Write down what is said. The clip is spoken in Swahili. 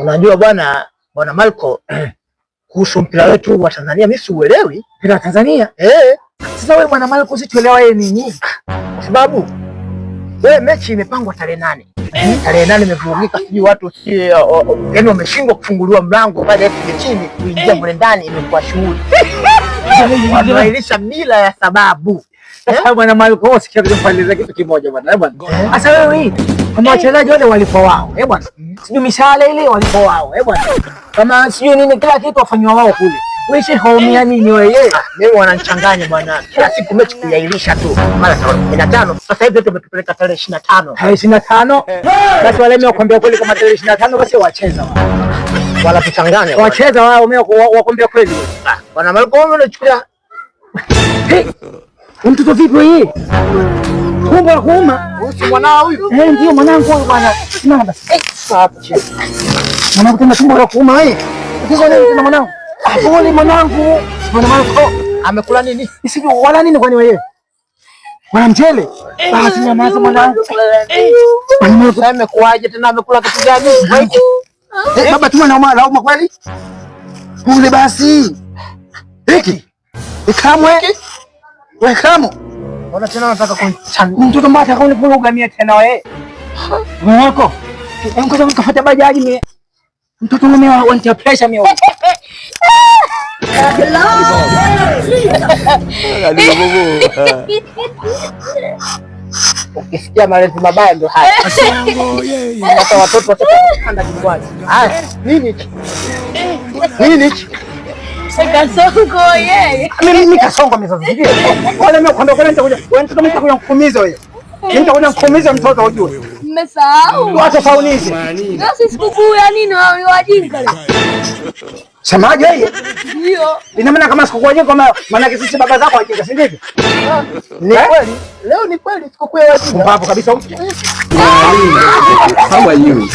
Unajua bwana bwana Marco kuhusu mpira wetu wa Tanzania, mimi siuelewi mpira wa Tanzania eh. Sasa wewe bwana Marco usituelewa yeye nini, kwa sababu wewe mechi imepangwa tarehe nane eh. tarehe nane imevurugika, sijui watu si yaani wameshindwa kufunguliwa mlango pale chini kuingia mle eh. ndani, imekuwa shughuli wanaahirisha bila ya sababu. Bwana Marco, sikia kitu kimoja bwana, bwana, hasa wewe kama wachezaji wale walipo wao, eh bwana, sijui mishale ile walipo wao, eh bwana, kama sijui nini, kila kitu wafanywa wao kule. Wewe shehe haumia nini wewe? Mimi wananichanganya bwana, kila siku mechi kuyailisha tu, mara kumi na Sasa hivi ndio umetupeleka tarehe 25, tarehe 25. na Basi wale mimi nakwambia kweli, kama tarehe 25 basi wacheza wao, wala kuchanganya wacheza wao, mimi nakwambia kweli ah, bwana, maliko wewe unachukulia mtoto vipi wewe? Tumbo la kuuma. Eh, ndio mwanangu huyu bwana. Simama basi. Eh, mwanangu tena tumbo la kuuma eh. Ukiona nini tena mwanangu? Pole mwanangu. Amekula nini? Sio wala nini kwani wewe? Wana mchele. Eh, baba tena maana eh, mwanangu. Sasa amekuaje tena amekula kitu gani? Eh, baba tuma nauma nauma kweli? Pole basi. Hiki. Ikamwe. Wewe kamo. Mbona tena unataka kunichanganya? Mtoto mbaya atakaonivuruga mimi tena wewe. Wewe wako. Hebu kwanza mkafuate bajaji mimi. Mtoto mimi wanita pressure mimi. Ukisikia malezi mabaya ndio haya. Sasa watoto watakwenda kimbwani. Ah, nini Nini mimi kasongo nitakuja nitakuja mtoto ujue. Semaje yeye? Ndio. Ina maana kama sikukuu ajinga kama maana sisi baba zako ajinga, si ndivyo? Ni eh? kweli. Leo ni kweli sikukuu ya wajinga. Hapo kabisa huko. Ah! How are you?